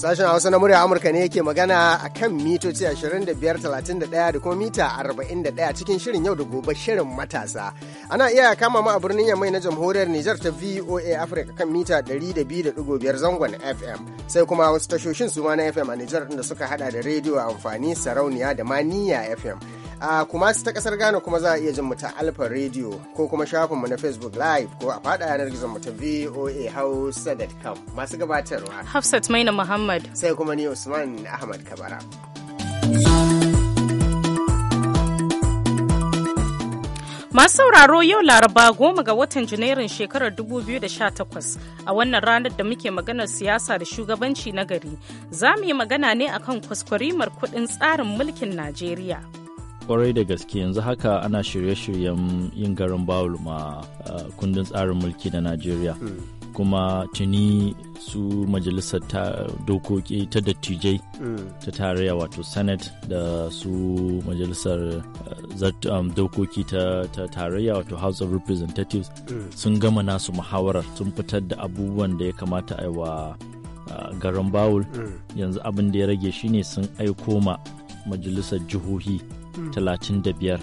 Sashen Hausa na murya Amurka ne yake magana a kan mitoci 25,31 da kuma mita 41 cikin shirin yau da gobe shirin matasa. Ana iya kama mu a birnin Yamai na jamhuriyar Nijar ta VOA Africa kan mita 200.5 zangon FM. Sai kuma wasu tashoshin su ma na FM a Nijar da suka hada da rediyo amfani sarauniya da maniya FM. a kuma ta kasar Ghana kuma za a iya jin mu ta Alfa Radio ko kuma shafin mu na Facebook Live ko a fada yanar gizon mu ta VOA Hausa.com masu gabatarwa. Hafsat Maina Muhammad. Sai kuma ni Usman Ahmad Kabara. Masu sauraro yau Laraba goma ga watan Janairun shekarar 2018 a wannan ranar da muke maganar siyasa da shugabanci na gari, za mu yi magana ne akan kwaskwarimar kuɗin tsarin mulkin Najeriya. kwarai da gaske yanzu haka ana shirye-shiryen yin garin bawul ma kundin tsarin mulki na najeriya hmm. kuma tuni su majalisar dokoki ta dattijai hmm. ta tarayya wato senate da su majalisar um, dokoki ta tarayya wato house of representatives hmm. sun gama nasu muhawarar sun fitar da abubuwan da ya kamata a yi wa garin bawul yanzu abin da ya rage shine sun aiko ma majalisar jihohi Mm. talatin da biyar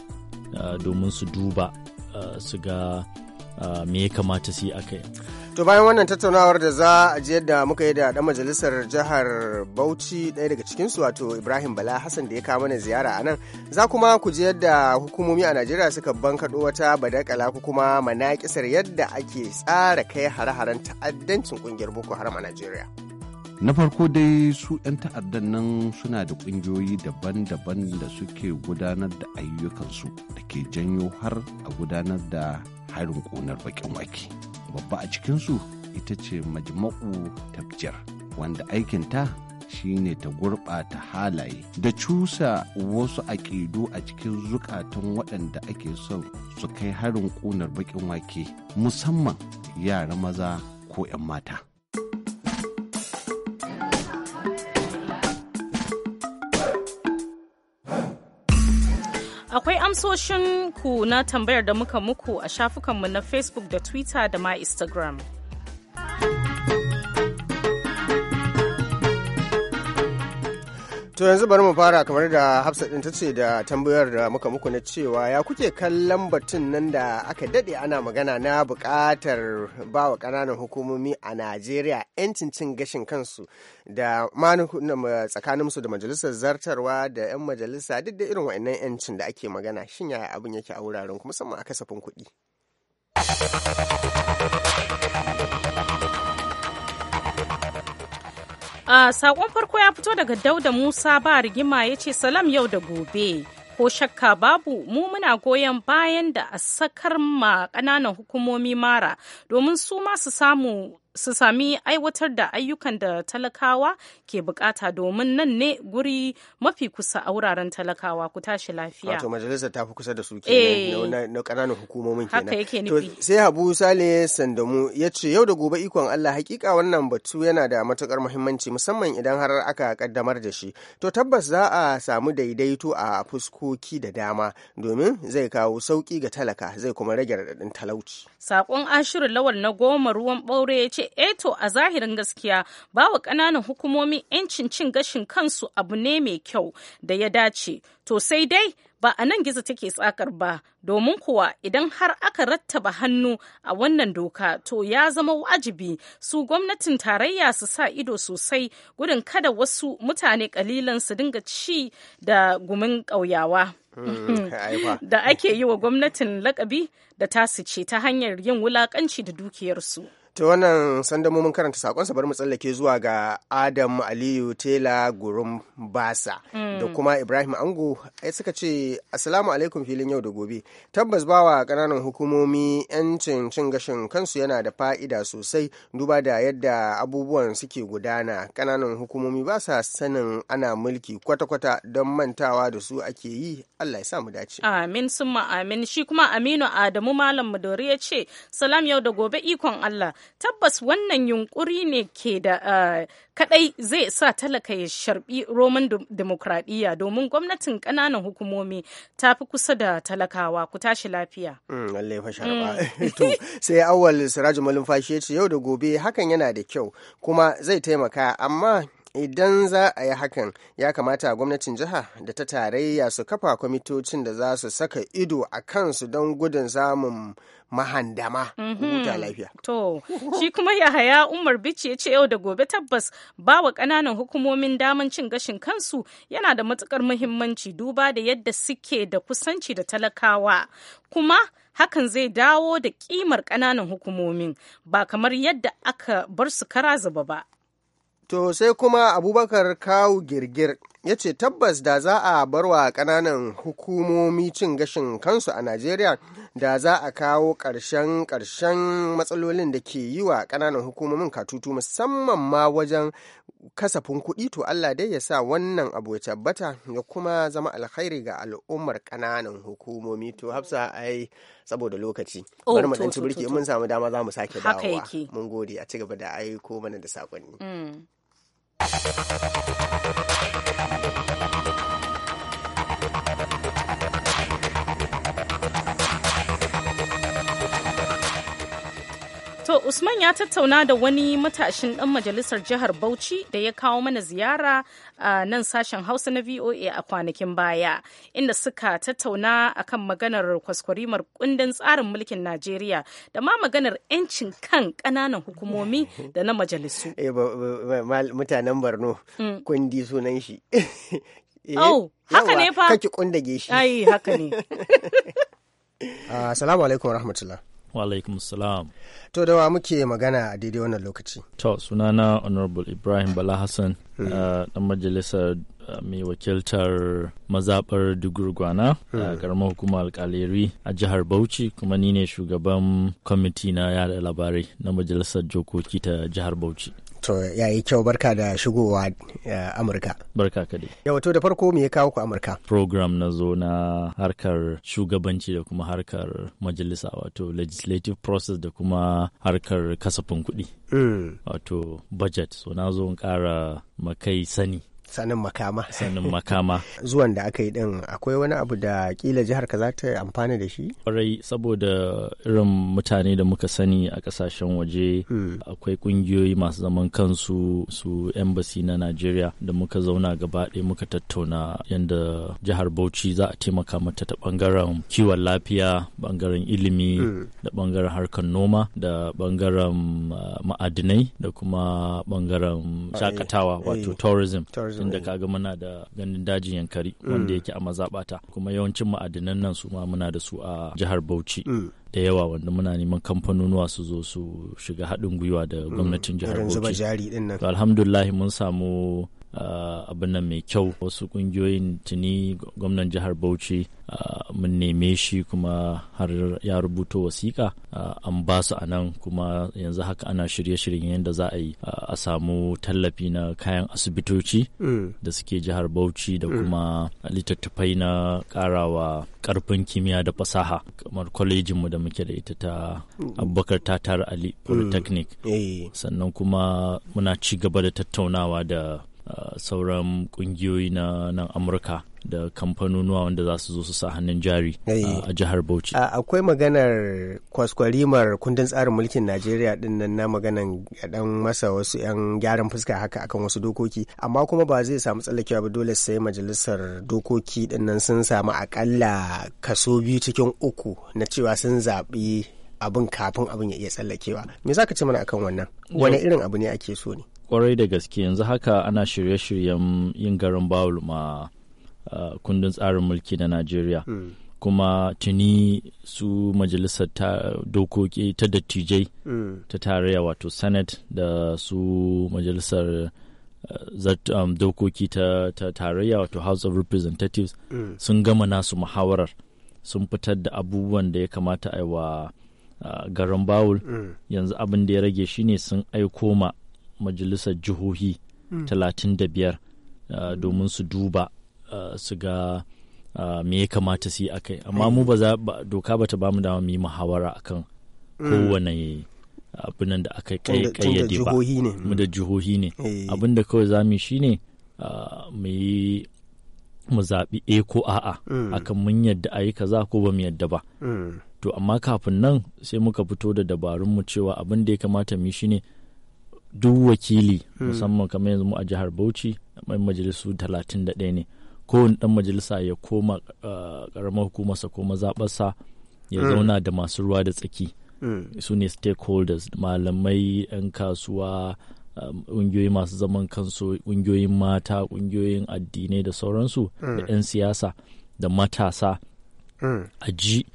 uh, domin su duba uh, su ga uh, me ya kamata su yi aka yi. To bayan wannan tattaunawar da za a je yadda muka yi da ɗan majalisar jihar Bauchi ɗaya daga cikinsu wato Ibrahim Bala Hassan da ya kawo mana ziyara a nan za kuma ku je yadda hukumomi a Najeriya suka bankaɗo wata badakala ko kuma manaƙisar yadda ake tsara kai hare-haren ta'addancin ƙungiyar Boko Haram a Najeriya. na farko dai su 'yan ta'addan nan suna da ƙungiyoyi daban-daban da suke gudanar da ayyukansu da ke janyo har a gudanar da harin ƙonar baƙin wake babba a cikinsu ita ce majma'u tafjir wanda aikinta shine ta gurɓata halaye da cusa wasu aƙidu a cikin zukatan waɗanda ake son su kai harin ƙunar baƙin wake musamman yara maza ko 'yan mata. Akwai amsoshin ku na tambayar da muka muku a shafukanmu na Facebook da Twitter da ma Instagram. To yanzu bari mu fara kamar da hafsa ɗin ta ce da tambayar da muka muku na cewa ya kuke kallon batun nan da aka dade ana magana na bukatar wa kananan hukumomi a Najeriya 'yancin cin gashin kansu da eh, tsakaninsu da majalisar zartarwa da 'yan majalisa duk da irin wa'annan 'yancin da ake magana shin yaya abin yake a wuraren musamman a kasafin kuɗi. A Sakon farko ya fito daga Dauda Musa ba rigima ya ce salam yau da gobe. Ko shakka babu mu muna goyon bayan da a sakar ma ƙananan hukumomi mara domin su ma su samu su sami aiwatar da ayyukan da talakawa ke bukata domin nan ne guri mafi kusa a wuraren talakawa ku tashi lafiya. Wato majalisar ta fi kusa da su kenan eh. na kananan hukumomin kenan. Haka yake nufi. Sai Habu Sale Sandamu ya ce yau da gobe ikon Allah hakika wannan batu yana da matukar muhimmanci musamman idan har aka kaddamar da shi. To tabbas za a samu daidaito a fuskoki da dama domin zai kawo sauki ga talaka zai kuma rage raɗaɗin talauci. Saƙon ashirin lawal na goma ruwan ɓaure ya ce e eh eto a zahirin gaskiya ba wa ƙananan hukumomi 'yancin cin gashin kansu abu ne mai kyau da ya dace to sai dai ba a nan gizo take tsakar ba domin kuwa idan har aka rattaba hannu a wannan doka to ya zama wajibi su gwamnatin tarayya su sa ido sosai gudun kada wasu mutane kalilan su dinga ci da gumin ƙauyawa hmm, da ake yi wa gwamnatin lakabi da tasu ce ta hanyar yin wulakanci da dukiyarsu ta wannan sanda mun karanta sakonsa bari mu tsallake zuwa ga adam aliyu tela gurum basa da mm. kuma ibrahim ango ai eh, suka ce assalamu alaikum filin yau da gobe tabbas bawa kananan hukumomi yancin cin gashin kansu yana da fa'ida sosai duba da yadda abubuwan suke gudana kananan hukumomi ba sa sanin ana mulki kwata-kwata don mantawa da su ake yi allah ya sa mu dace amin ma amin shi kuma aminu adamu malam madori ya ce salam yau da gobe ikon allah tabbas wannan yunkuri ne ke da eh, kadai zai sa talaka ya sharbi roman demokradiyya domin gwamnatin kananan hukumomi ta fi kusa da talakawa ku tashi lafiya. Mm, mm. sai awal siraju malumfashi ya ce yau da gobe hakan yana da kyau kuma zai taimaka amma idan za a yi hakan ya kamata gwamnatin jiha da ta tarayya su kafa kwamitocin da za su saka ido a kansu don gudun samun mahandama huta mhm. lafiya. To, shi kuma Yahaya Umar Bici ya ce yau da gobe tabbas ba wa ƙananan hukumomin daman cin gashin kansu yana da matukar muhimmanci duba da yadda suke da kusanci da talakawa. Kuma hakan zai dawo da ƙimar ƙananan hukumomin ba kamar yadda aka bar su kara zuba ba. To sai kuma Abubakar Kawu Girgir ya ce tabbas da za a barwa kananan hukumomi cin gashin kansu a najeriya da za a kawo ƙarshen karshen matsalolin da ke yi wa ƙananan hukumomin katutu musamman ma wajen kasafin kuɗi to allah dai ya sa wannan abu ya tabbata ya kuma zama alkhairi ga al'ummar kananan hukumomi to hafsa ai saboda lokaci oh, bari mu dan ci birki mun samu dama zamu sake dawowa mun gode a ci gaba da aiko mana da sakonni. Mm. Thank you. To Usman ya tattauna da wani matashin ɗan majalisar jihar Bauchi da ya kawo mana ziyara a nan sashen Hausa na VOA a kwanakin baya, inda suka tattauna akan maganar kwaskwarimar kundin tsarin mulkin Najeriya da ma maganar 'yancin kan ƙananan hukumomi da na majalisu. Eh, mutanen barno mm. kundi sunan shi. Eh, oh, haka ne fa? Kaki kundage shi. Ai, haka ah, Wa alaikum salam. To da wa muke magana a daidai wannan lokaci. To sunana Honorable Ibrahim Bala Hassan hmm. uh, dan majalisar uh, mai wakiltar mazaɓar Dugurgwana a uh, hmm. karamar hukumar alƙaleri a jihar Bauchi kuma ni ne shugaban kwamiti na yada labarai na majalisar jokoki ta jihar Bauchi. To ya yi kyau barka da shigowa uh, Amurka. Barka ka dai. Yau to da farko me ya kawo ku Amurka? Program na zo na harkar shugabanci da kuma harkar majalisa wato legislative process da kuma harkar kasafin kuɗi. Mm. Wato budget so na zo in ƙara makai sani sanin makama sanin makama zuwan da aka yi din akwai wani abu da kila jihar ka za ta amfana da shi kwarai saboda irin mutane da muka sani a kasashen waje hmm. akwai kungiyoyi masu zaman kansu su embassy na Nigeria da muka zauna gaba ɗaya muka tattauna yadda jihar Bauchi za a taimaka mata ta bangaren kiwon lafiya bangaren ilimi hmm. da bangaren harkar noma da bangaren ah, ma'adinai da kuma bangaren shakatawa wato eh. tourism inda kaga muna da ganin dajin yankari wanda mm. yake a mazaɓata kuma yawancin ma'adinan nan su ma muna da su a jihar Bauchi mm. da yawa wanda muna neman kamfanonuwa su zo su shiga haɗin gwiwa da mm. gwamnatin jihar Bauchi. Alhamdulillah mun samu Ah, abin nan mai kyau wasu kungiyoyin tuni gwamnan jihar bauchi ah, mun neme shi kuma har ya rubuto wasiƙa ah, an ba su a nan kuma yanzu haka ana shirye-shiryen yadda za a yi a samu tallafi na kayan asibitoci mm. da suke jihar bauchi da mm. kuma littattafai na karawa karfin kimiyya da fasaha kamar kwalejinmu da muke da ita ta mm. abubakar tatar ali polytechnic eh. sannan kuma muna ci gaba da tattaunawa da sauran kungiyoyi na nan amurka da kamfanonuwa wanda za su zo su sa hannun jari a jihar bauchi akwai maganar kwaskwarimar kundin tsarin mulkin najeriya din nan na maganan dan masa wasu yan gyaran fuska haka akan wasu dokoki amma kuma ba zai samu tsallakewa ba dole sai majalisar dokoki din nan sun samu akalla kaso biyu cikin uku na cewa sun zaɓi abin kafin abin ya iya tsallakewa me za ka ce mana akan wannan wani irin abu ne ake so ne kwarai da gaske yanzu haka ana shirye-shiryen yin garin bawul ma kundin tsarin mulki na najeriya hmm. kuma tuni su majalisar ta dokoki ta dattijai hmm. ta tarayya wato senate da su majalisar um, dokoki ta tarayya wato house of representatives hmm. sun gama nasu muhawarar sun fitar da abubuwan da ya kamata a wa garin bawul yanzu abin da ya rage shine sun aiko ma majalisar jihohi hmm. talatin da biyar uh, domin su duba uh, su ga uh, me ya kamata su yi a kai amma mu ba za doka ba ta bamu dama mu yi muhawara akan hmm. kowane abinan da aka kayyade ba mu da jihohi ne eh. abin da kawai za mu shi shine mu yi mu zaɓi a eh ko a'a hmm. akan mun yadda a yi kaza ko ba mu yadda ba to amma kafin nan sai muka fito da dabarun mu cewa abin da ya kamata mu shi ne. duk wakili hmm. musamman kamar yanzu mu a jihar Bauchi mai majalisu 31 ne kowane dan majalisa ya koma karamar ah, hukumarsa ko mazaɓarsa ya hmm. zauna da masu ruwa da tsaki hmm. su ne stakeholders malamai 'yan kasuwa um, ƙungiyoyi masu zaman kansu ƙungiyoyin mata ƙungiyoyin addinai da sauransu da 'yan siyasa da matasa a ji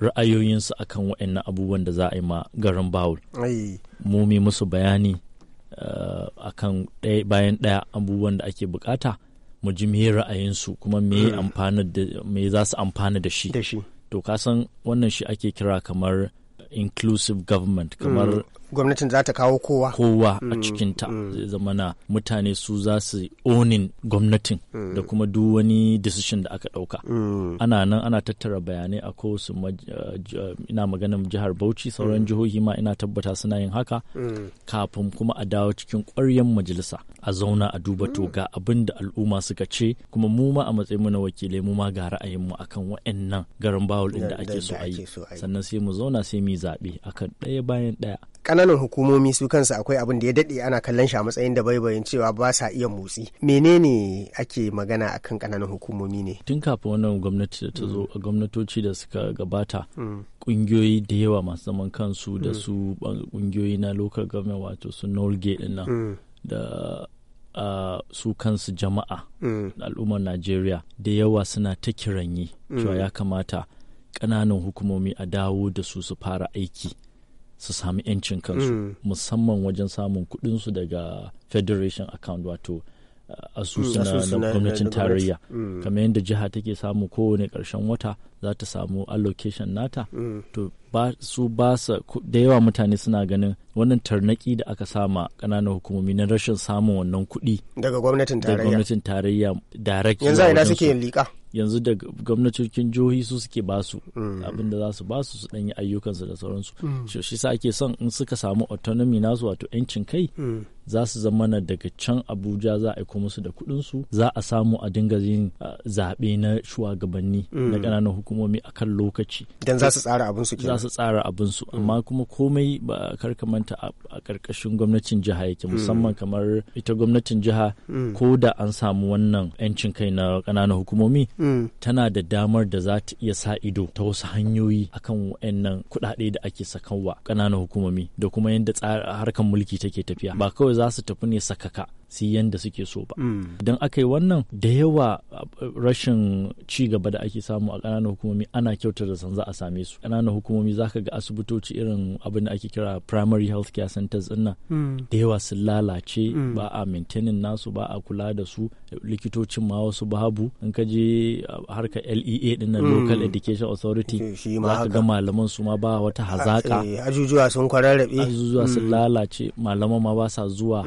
ra'ayoyinsu akan waɗannan abubuwan da za a yi ma garin bawul mu musu bayani Eh, a kan bayan ɗaya abubuwan da ake bukata mu ji me ra'ayinsu kuma me mm. me za su amfana da shi to kasan wannan shi ake kira kamar inclusive government kamar mm. gwamnatin za ta kawo kowa kowa a mm, cikinta mm. zai zama na mutane su za su onin gwamnatin mm. da kuma duk wani decision da aka ɗauka ana nan ana tattara bayanai a kowace uh, ina maganin jihar bauchi sauran jihohi ma ina tabbata suna yin haka kafin kuma a dawo cikin ƙwaryen majalisa a zauna a duba to ga abin da al'umma suka ce kuma mu ma a matsayin mu na wakilai mu ma ga mu akan wa'annan garin bawul ɗin da ake so a yi sannan sai mu zauna sai mu yi zaɓe akan ɗaya bayan ɗaya kananan hukumomi su kansu akwai abin da ya daɗe ana kallon shi a matsayin da baibayin cewa ba sa iya motsi menene ake magana akan kananan hukumomi ne tun kafin wannan gwamnati da ta zo a mm. gwamnatoci da suka gabata kungiyoyi mm. da yawa masu zaman kansu da mm. su kungiyoyi na local government wato su nolge din nan da su kansu jama'a al'ummar najeriya da yawa suna ta kiranyi cewa ya kamata ƙananan hukumomi a dawo da su su fara aiki su sami 'yancin kansu mm. musamman wajen samun kudinsu daga federation account wato uh, mm. asusu na gwamnatin tarayya mm. kamar yadda jiha take samu kowane karshen wata za ta samu allocation nata to su ba su da yawa mutane suna ganin wannan tarnaki da aka sama ƙananan hukumomi na rashin samun wannan kuɗi daga gwamnatin tarayya yanzu ina suke yin liƙa yanzu da gwamnatocin jihohi su suke basu mm. abin da za su ba su su ɗanyi ayyukansu da sauransu mm. shi sa ake son in suka samu autonomy nasu wato 'yancin kai mm. za su zama na daga can abuja za a aiko musu da kuɗinsu za a samu a dinga yin zaɓe na shugabanni na ƙananan hukumomi a kan lokaci dan za su tsara abin su za su tsara abin su amma kuma komai ba karkamanta a ƙarƙashin gwamnatin jiha yake musamman kamar ita gwamnatin jiha ko da an samu wannan 'yancin kai na ƙananan hukumomi tana da damar da za ta iya sa ido ta wasu hanyoyi akan wayannan kuɗaɗe da ake sakawa ƙananan hukumomi da kuma yadda harkar mulki take tafiya ba kawai za su tafi ne sakaka su yanda suke so ba mm. idan aka yi wannan da yawa uh, rashin ci gaba da ake samu a ƙananan hukumomi ana kyautar da sanza a same su ƙananan hukumomi za ka ga asibitoci irin abin da ake kira primary health care centers ɗin nan mm. da yawa sun lalace mm. ba a maintaining nasu ba a kula da su likitocin ma wasu babu in ka je uh, harka lea ɗin nan local education authority za ka ga malaman su ma ba wata hazaka. Eh, ajujuwa sun kwararrabe ajujuwa sun lalace malaman ma ba sa zuwa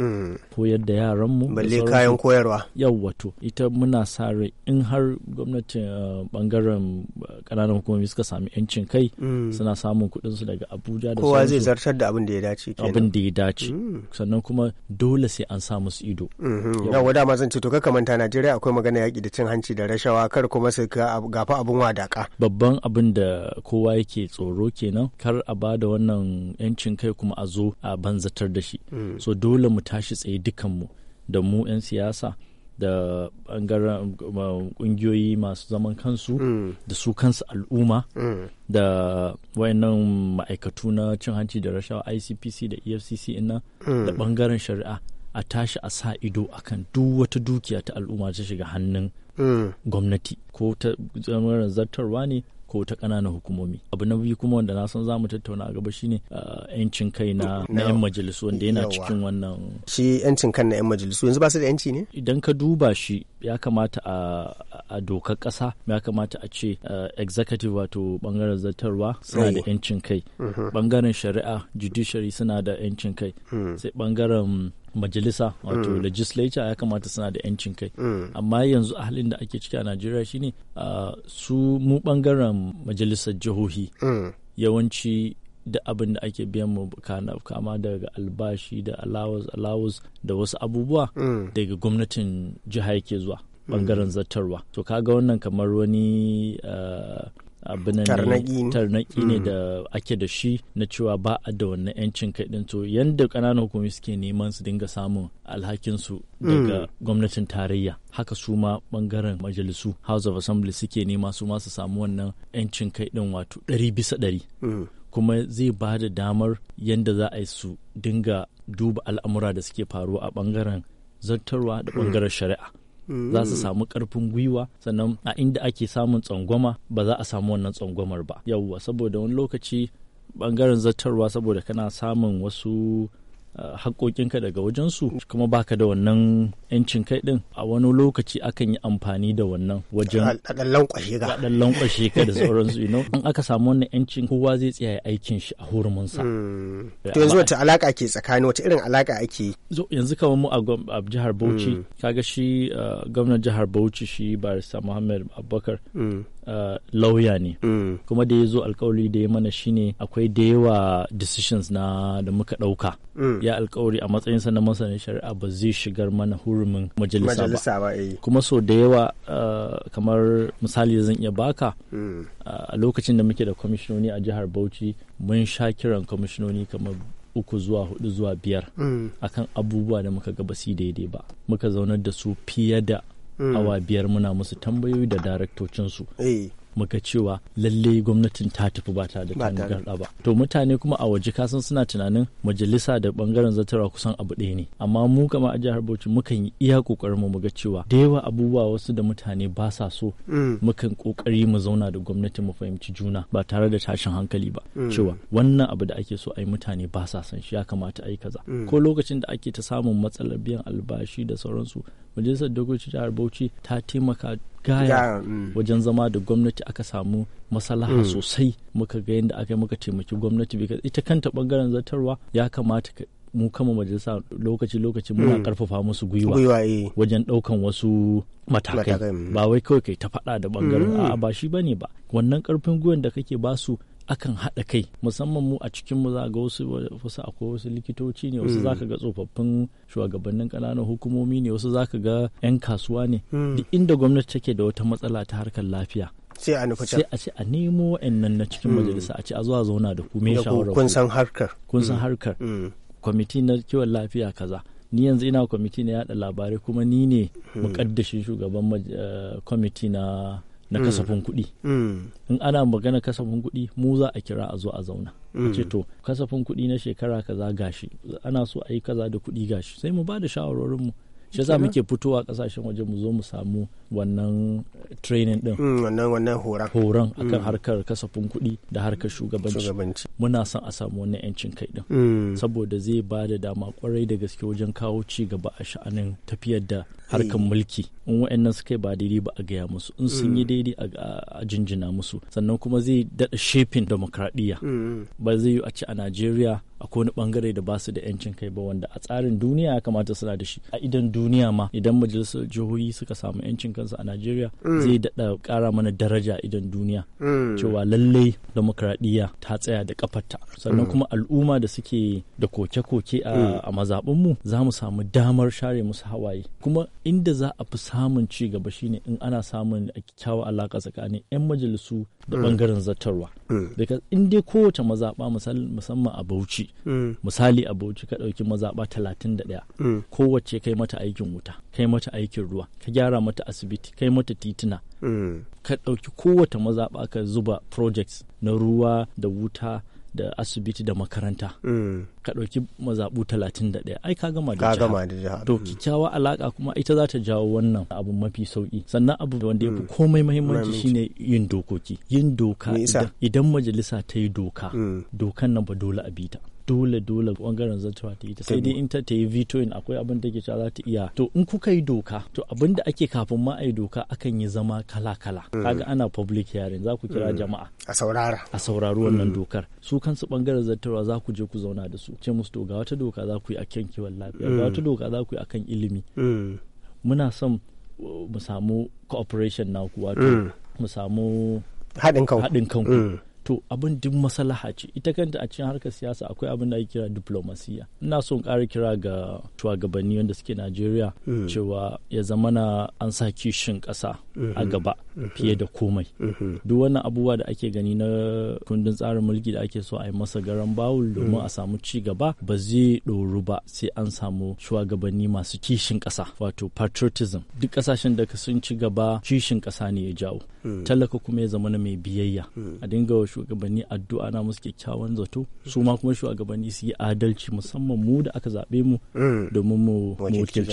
koyar da yara yaranmu balle kayan koyarwa Yau wato ita muna sa rai in har gwamnatin eh, bangaren kananan eh, hukumomi suka sami yancin kai mm. suna samun kuɗin su daga abuja da kowa zai zartar da abin da ya dace abin da ya dace mm. sannan kuma dole sai an sa musu ido mm-hmm. yawa dama zan ce to ka manta najeriya akwai magana yaƙi da cin hanci da rashawa kar kuma su gafa abin wadaka babban abin da kowa yake tsoro kenan kar a ba da wannan yancin kai kuma a zo a banzatar da shi mm. so dole mu tashi tsaye dukanmu da mu 'yan siyasa da bangaren kungiyoyi masu zaman kansu mm. da su kansu al'umma mm. da wayannan ma'aikatu na cin hanci da rashawa icpc da efcc ina mm. da bangaren shari'a a tashi a sa ido akan duk wata dukiya ta al'umma ta shiga hannun gwamnati ko ta zartarwa ne ko ta ƙananan hukumomi abu na biyu kuma wanda na san zamu tattauna a gaba shine uh, yancin kai na na yan majalisu wanda yana cikin wannan shi yancin kan na yan majalisu yanzu ba su da yanci ne idan ka duba shi ya kamata a dokar ƙasa ya kamata a ce uh, executive wato bangaren zartarwa suna da yancin kai bangaren mm-hmm. shari'a judiciary suna da yancin kai mm. sai bangaren majalisa wato mm. legislature ya kamata suna da yancin kai mm. amma yanzu a halin da ake ciki a najeriya shine uh, su mu bangaren majalisar jihohi mm. yawanci da abin da ake biyan mu kama daga albashi da allowance allowance da wasu abubuwa mm. daga gwamnatin jiha yake zuwa bangaren mm. zartarwa to kaga wannan kamar wani uh, abin tarnaki ne mm. da ake da shi na cewa ba a da wannan yancin kai din to yanda kananan hukumomi suke neman su dinga samun alhakin su mm. daga gwamnatin tarayya haka su ma bangaren majalisu House of Assembly suke nema su ma su samu wannan yancin kai din wato ɗari bisa ɗari mm. kuma zai ba da damar yadda za a yi su dinga duba al'amura da suke faruwa a bangaren zartarwa da bangaren shari'a. Mm. za su samu karfin gwiwa sannan a inda ake samun tsangwama ba za a samu wannan tsangwamar ba yawwa saboda wani lokaci bangaren zartarwa saboda kana samun wasu haƙoƙinka daga wajensu kuma baka da wannan 'yancin kai din a wani lokaci akan yi amfani da wannan wajen ɗan lankwashe ka da sauransu ino in aka samu wannan 'yancin kowa zai tsaye aikin shi a hurumunsa hmm. to yanzu wata alaka ke tsakani wata irin alaka ake yanzu kamar mu a jihar Bauchi hmm. kaga shi uh, gwamnan jihar Bauchi shi barista Muhammad Abubakar hmm. Uh, lauya ne kuma da ya zo alkawari da ya mana shine akwai da yawa decisions na da muka ɗauka ya alkawari a matsayin sa na masanin shari'a ba zai shigar mana hurumin majalisa ba eh. kuma so da yawa uh, kamar misali zan iya baka uh, a lokacin da muke da kwamishinoni a jihar bauchi mun sha kiran kwamishinoni kamar uku zuwa hudu zuwa biyar mm. akan abubuwa da muka ga basi daidai ba muka zaunar da su fiye da Mm. awa biyar muna musu tambayoyi da daraktocinsu eh. muka cewa lalle gwamnatin ta tafi ba ta da tangarɗa ba to mutane kuma a waje kasan suna tunanin majalisa da bangaren zatarwa kusan abu ɗaya ne amma mu kama a jihar Bauchi mukan yi iya kokarin mu muga cewa da yawa abubuwa wasu da mutane ba sa so mm. mukan kokari mu zauna da gwamnati mu fahimci juna ba tare da tashin hankali ba mm. cewa wannan abu da ake so ai mutane ba sa san shi ya kamata ai kaza mm. ko lokacin da ake ta samun matsalar biyan albashi da sauransu majalisar dokoki jihar Bauchi ta taimaka gaya mm. wajen zama da gwamnati aka samu masalaha mm. sosai muka ga yadda aka yi muka taimaki gwamnati ita kanta bangaren zartarwa ya kamata mu kama majalisa lokaci-lokaci muna karfafa mm. musu gwiwa eh. wajen ɗaukan wasu matakai ba wai kawai kai ta faɗa da bangaren a'a ba shi bane ba wannan karfin gwiwan da kake basu akan haɗa kai musamman mu a cikin mu za ga wasu wasu akwai wasu likitoci ne wasu zaka hmm. ga tsofaffin shugabannin ƙananan hukumomi ne wasu zaka ga 'yan kasuwa ne hmm. duk inda gwamnati take da wata matsala ta harkar lafiya sai a sai a ce a nemo nan na cikin hmm. majalisa a ce a zuwa zauna da ku me shawara kun san harkar kun san harkar kwamiti na kiwon lafiya kaza ni yanzu ina kwamiti na yada labarai kuma ni ne mukaddashin shugaban eh, kwamiti na na mm. kasafin kuɗi mm. in ana magana kasafin kuɗi mu za a kira a zo a zauna a ce mm. to kasafin kuɗi na shekara kaza gashi ana so a yi kaza da kuɗi gashi sai mu ba da mu. shi yasa muke fitowa kasashen waje mu zo mu samu wannan training din mm, wannan wannan horan horan akan mm. harkar kasafin kuɗi da harkar shugabanci muna son a samu wannan yancin kai din mm. saboda zai ba da dama kwarai da gaske wajen kawo ci gaba a sha'anin tafiyar da harkar mulki in wa'annan suka yi ba daidai ba a gaya musu in sun yi daidai a jinjina musu sannan kuma zai daɗa shefin demokradiyya ba zai yi a ci a najeriya akwai wani bangare da basu da yancin kai ba wanda a tsarin duniya ya kamata suna da shi a idan duniya ma idan majalisar jihohi suka samu yancin kansu a Najeriya mm. zai dada kara mana daraja idan duniya mm. cewa lallai demokradiyya ta tsaya da kafarta sannan mm. kuma al'umma da suke da koke-koke a mazaɓinmu za mu samu damar share musu hawaye kuma inda za a fi samun ci gaba shine in ana samun kyawun alaƙa tsakanin 'yan majalisu da bangaren zattarwa. Daga in dai kowace mazaɓa musamman a Bauchi Mm. misali a bauchi ka ɗauki mazaɓa talatin da ɗaya mm. kowace kai mata aikin wuta kai mata aikin ruwa ka gyara mata asibiti kai mata titina mm. ka ɗauki kowace mazaɓa ka zuba projects na ruwa da wuta da asibiti da makaranta ka ɗauki mazaɓu talatin da ɗaya ai ka gama da jiha to kyakkyawa alaƙa kuma ita za ta jawo wannan abu mafi sauki sannan abu wanda ya fi komai mahimmanci shine yin dokoki yin doka idan majalisa ta yi doka dokan nan ba dole a bi ta. dole dole bangaren zartawa ta yi ta sai dai in ta ta yi vetoing akwai abin da ke cewa za ta iya to in kuka yi doka to abin da ake kafin ma a doka akan yi zama kala kala hmm. kaga ana public hearing za ku kira hmm. jama'a a saurara a saurari wannan hmm. dokar su kansu bangaren zartarwa za ku je ku zauna da su ce musu to ga wata doka za ku yi akan kiwon lafiya ga wata doka za ku yi akan ilimi muna son mu samu cooperation na wato mu samu haɗin kanku to abin duk masalaha ce ita kanta a cikin harkar siyasa akwai abin da ake kira diplomasiya ina son ƙara kira ga shugabanni wanda suke najeriya mm. cewa ya zama na an sa kishin ƙasa a mm-hmm. gaba mm-hmm. fiye da komai mm-hmm. duk wannan abubuwa da ake gani na kundin tsarin mulki da ake so a yi masa garan bawul mm. domin a samu ci gaba ba zai ɗoru ba sai an samu shugabanni masu kishin ƙasa wato patriotism duk ƙasashen da sun ci gaba kishin ƙasa ne ya jawo Mm. talaka kuma ya zama na mai biyayya mm. a dinga wa shugabanni addu'a na musu kyakkyawan zato mm. su ma kuma shugabanni su yi adalci musamman mu da aka zaɓe mu domin mu wakilci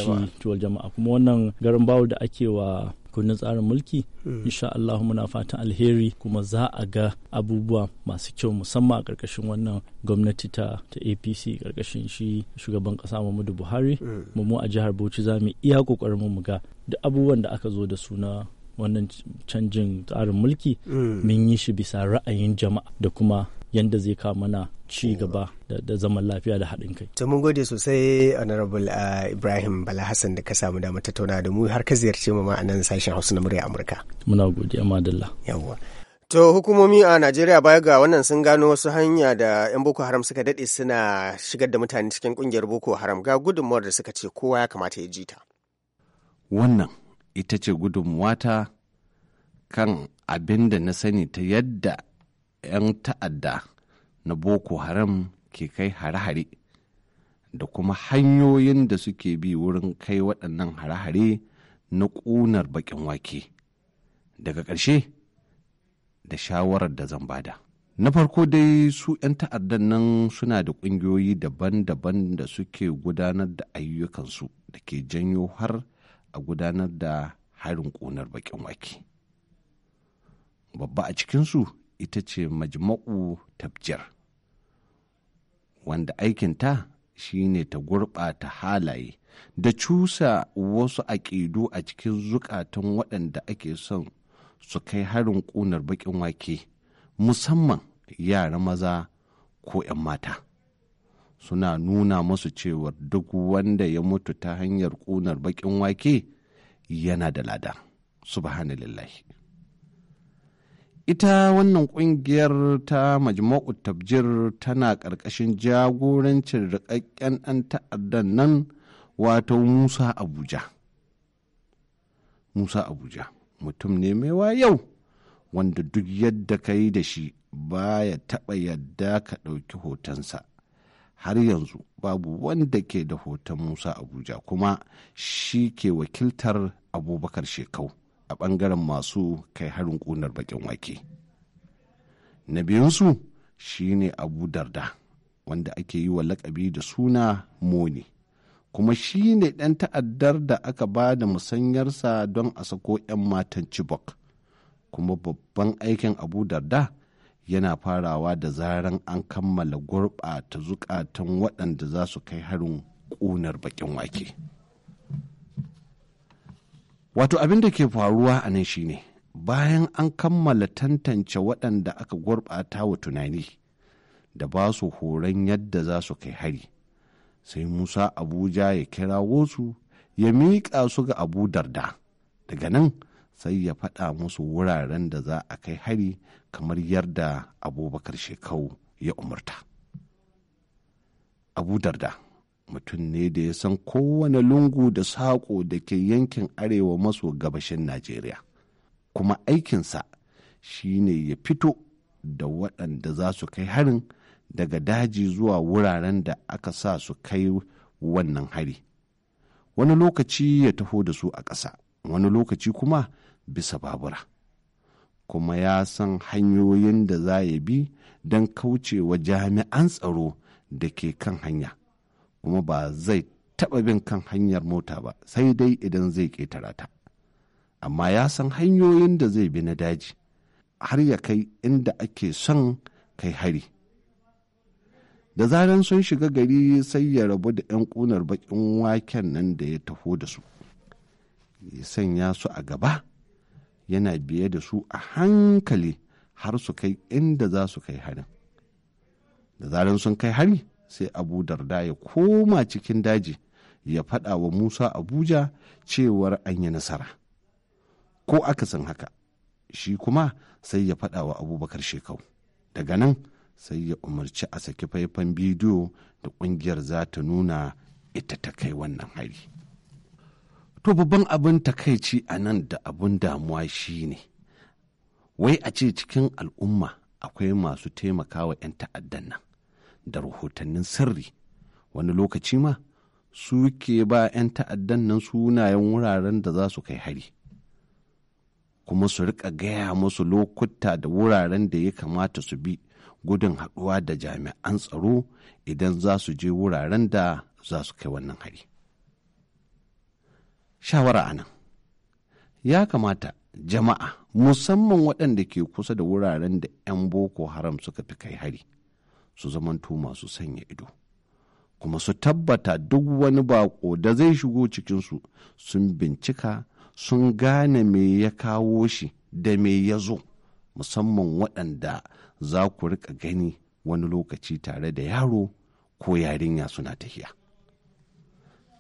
jama'a kuma wannan garin bawo da ake wa kundin tsarin mulki insha Allah muna fatan alheri kuma za a ga abubuwa masu kyau musamman a ƙarƙashin wannan gwamnati ta ta APC ƙarƙashin shi shugaban ƙasa Muhammadu Buhari mu mu a jihar Bauchi za mu iya ƙoƙarin mu ga duk abubuwan da aka zo da su na wannan canjin tsarin mulki mm. mun yi shi bisa ra'ayin jama'a da kuma yadda zai kawo mana ci gaba da zaman lafiya da haɗin kai. To mun gode sosai honorable uh, Ibrahim Bala Hassan da ka samu dama tattauna da mu har ka ziyarci mu ma a nan sashen Hausa na murya Amurka. Muna amma dalla. Yawwa. To hukumomi a Najeriya baya ga wannan sun gano wasu hanya da 'yan Boko Haram suka daɗe suna shigar da mutane cikin ƙungiyar Boko Haram ga gudunmawar da suka ce kowa ya kamata ya ji ta. Wannan ita ce gudunmuwata kan abin da na sani ta yadda 'yan ta'adda na boko haram ke kai hare-hare da kuma hanyoyin da suke bi wurin kai waɗannan hare-hare na ƙunar baƙin wake daga ƙarshe da shawarar da zan bada na farko dai su 'yan ta'addan nan suna da ƙungiyoyi daban-daban da suke gudanar da ayyukansu da ke janyo har a gudanar da harin ƙunar baƙin wake babba a cikinsu ita ce majma'u tabjir wanda aikinta shine ta gurɓata halaye da cusa wasu aƙidu a cikin zukatan waɗanda ake son su kai harin ƙunar baƙin wake musamman yara maza ko 'yan mata. suna nuna masu cewar duk wanda ya mutu ta hanyar ƙunar baƙin wake yana da lada subhanallahi ita wannan ƙungiyar ta majmu'u tabjir tana ƙarƙashin jagorancin rikakken ɗan ta'addan nan wato musa abuja musa abuja mutum ne mai yau wanda duk yadda ka yi da shi baya taɓa yadda ka ɗauki hotonsa har yanzu babu wanda ke da hoton musa abuja kuma shi ke wakiltar abubakar shekau a ɓangaren masu kai harin ƙunar baƙin wake na biyunsu shi ne abu darda wanda ake yi wa lakabi da suna moni kuma shi ne ɗan ta'addar da aka ba da musanyarsa don a sako 'yan matan chibok kuma babban aikin abu darda yana farawa da zaran an kammala gurɓata zukatan waɗanda za su kai harin ƙunar baƙin wake wato abin da ke faruwa a nan shine bayan an kammala tantance waɗanda aka gurɓata wa tunani da ba su horon yadda za su kai hari sai musa abuja ya kira wasu ya miƙa su ga abu darda daga nan sai ya faɗa musu wuraren da za a kai hari kamar yarda abubakar shekau ya umarta abu darda mutum ne da ya san kowane lungu da saƙo da ke yankin arewa maso gabashin najeriya kuma aikinsa shine ya fito da waɗanda za su kai harin daga daji zuwa wuraren da aka sa su kai wannan hari wani lokaci ya taho da su a ƙasa wani lokaci kuma bisa babura kuma ya san hanyoyin da za ya bi don kaucewa jami'an tsaro da ke kan hanya kuma ba zai taɓa bin kan hanyar mota ba sai dai idan zai ƙetara ta amma ya san hanyoyin da zai bi na daji har ya kai inda ake son kai hari da zaran sun shiga gari sai ya rabu da 'yan ƙunar baƙin waken nan da ya taho da su ya sanya su a gaba yana biye da su a hankali har su kai inda za su kai harin da zaran sun kai hari sai abu darda ya koma cikin daji ya fada wa musa abuja cewar an yi nasara ko aka san haka shi kuma sai ya fada wa abubakar shekau daga nan sai ya umarci a saki faifan bidiyo da kungiyar za ta nuna ita ta kai wannan hari. to babban abin takaici a nan da abin damuwa shine wai a ce cikin al'umma akwai masu taimakawa 'yan ta'addan nan da rahotannin sirri wani lokaci ma su ke ba 'yan ta'addan nan sunayen wuraren da za su kai hari kuma su rika gaya musu lokuta da wuraren da ya kamata su bi gudun haɗuwa da jami'an tsaro idan za su je wuraren da za su kai wannan hari shawara anan ya kamata jama'a musamman waɗanda ke kusa da wuraren da 'yan boko haram suka fi kai hari su zamanto masu sanya ido kuma su tabbata duk wani bako da zai shigo cikinsu sun bincika sun gane me ya kawo shi da me ya zo musamman waɗanda za ku rika gani wani lokaci tare da yaro ko yarinya suna tafiya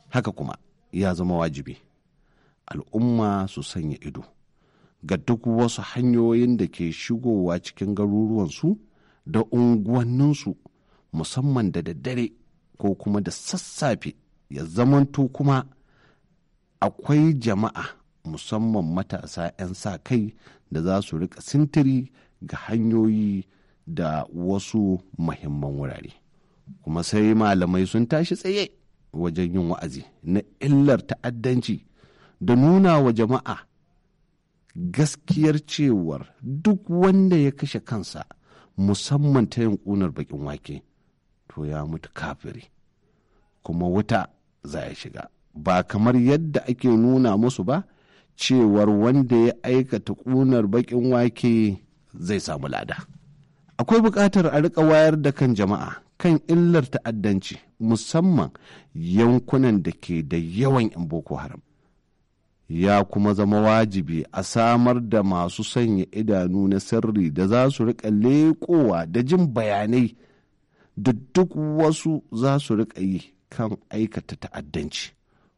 haka kuma ya zama wajibi al'umma su sanya ido ga duk wasu hanyoyin da ke shigowa cikin garuruwansu da unguwanninsu musamman da daddare ko kuma da sassafe ya zamanto kuma akwai jama'a musamman matasa 'yan sa kai da za su rika sintiri ga hanyoyi da wasu mahimman wurare kuma sai malamai sun tashi tsaye wajen yin wa'azi na illar ta'addanci da nuna wa jama'a gaskiyar cewar duk wanda ya kashe kansa musamman ta yin ƙunar bakin wake to ya mutu kafiri kuma wuta za ya shiga ba kamar yadda ake nuna musu ba cewar wanda ya aikata ƙunar baƙin wake zai samu lada akwai buƙatar a riƙa wayar da kan jama'a kan illar ta'addanci musamman yankunan da ke da yawan 'yan boko haram ya kuma zama wajibi a samar da masu sanya idanu na sirri da za su riƙa leƙowa da jin bayanai da duk wasu za su riƙa yi kan aikata ta'addanci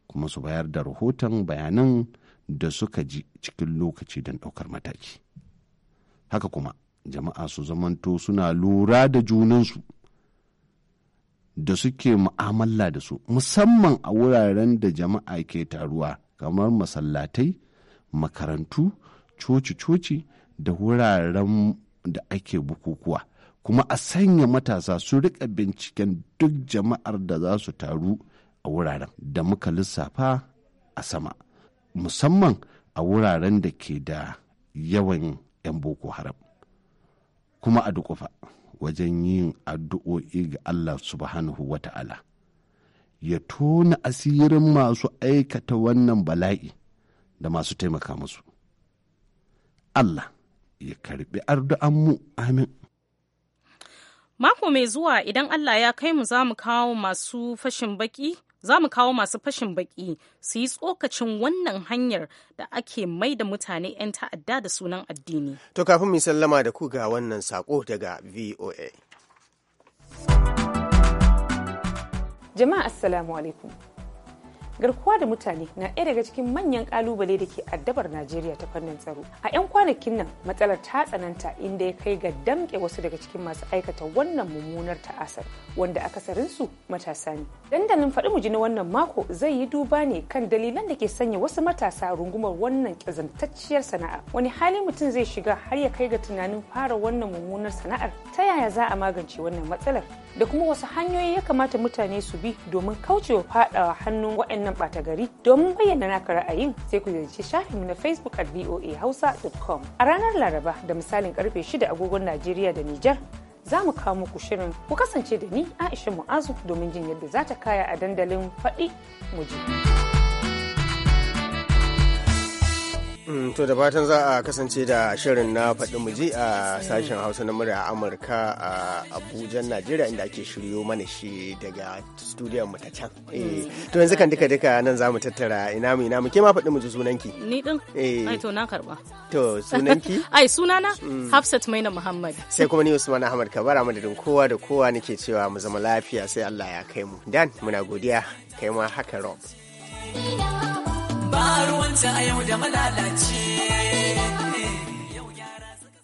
kuma su bayar da rahoton bayanan da suka ji cikin lokaci don ɗaukar mataki haka kuma jama'a su zamanto suna lura da junansu da suke mu'amala da su musamman a wuraren da jama'a ke taruwa kamar masallatai makarantu coci-coci da wuraren da ake bukukuwa kuma a sanya matasa su rika binciken duk jama'ar da za su taru a wuraren da muka lissafa a sama musamman a wuraren da ke da yawan 'yan boko haram kuma a dukufa wajen yin addu'o'i ga allah subhanahu wa ta'ala ya tona asirin masu aikata wannan bala'i da masu taimaka musu. Allah ya karbi mu amin. Mako mai zuwa idan Allah ya kai mu za mu kawo masu fashin baki za mu kawo masu fashin baki su yi tsokacin wannan hanyar da ake mai da mutane 'yan ta'adda da sunan addini. To kafin mu sallama da ku ga wannan saƙo daga VOA. جماعة السلام عليكم garkuwa da mutane na ɗaya daga cikin manyan ƙalubale da ke addabar najeriya ta fannin tsaro a 'yan kwanakin nan matsalar ta tsananta inda ya kai ga damƙe wasu daga cikin masu aikata wannan mummunar ta'asar wanda akasarinsu matasa ne dandalin faɗi mu na wannan mako zai yi duba ne kan dalilan da ke sanya wasu matasa rungumar wannan ƙazantacciyar sana'a wani hali mutum zai shiga har ya kai ga tunanin fara wannan mummunar sana'ar ta yaya za a magance wannan matsalar da kuma wasu hanyoyi ya kamata mutane su bi domin kaucewa faɗawa hannun waɗannan labaran ɓata gari domin bayyana naka ra'ayin sai ku ziyarci shafin na facebook at voa hausa.com a ranar laraba da misalin karfe 6 agogon najeriya da nijar za mu kawo muku shirin ku kasance da ni aisha mu'azu domin jin yadda za ta kaya a dandalin faɗi mu ji. Mm, to da fatan za a kasance da shirin na faɗi muje a sashen hausa na murya amurka a abuja najeriya inda ake shiryo mana shi daga studiyon mu ta can eh, to yanzu kan duka duka nan za mu tattara ina mu ina mu ke ma faɗi muje sunanki ni din eh. ai to na karba to sunanki ai sunana mm. hafsat maina muhammad sai kuma ni usman ahmad kabara madadin kowa da kowa nake cewa mu zama lafiya sai allah ya kai mu dan muna godiya kai ma haka rob ba ruwanta a yau da malalaci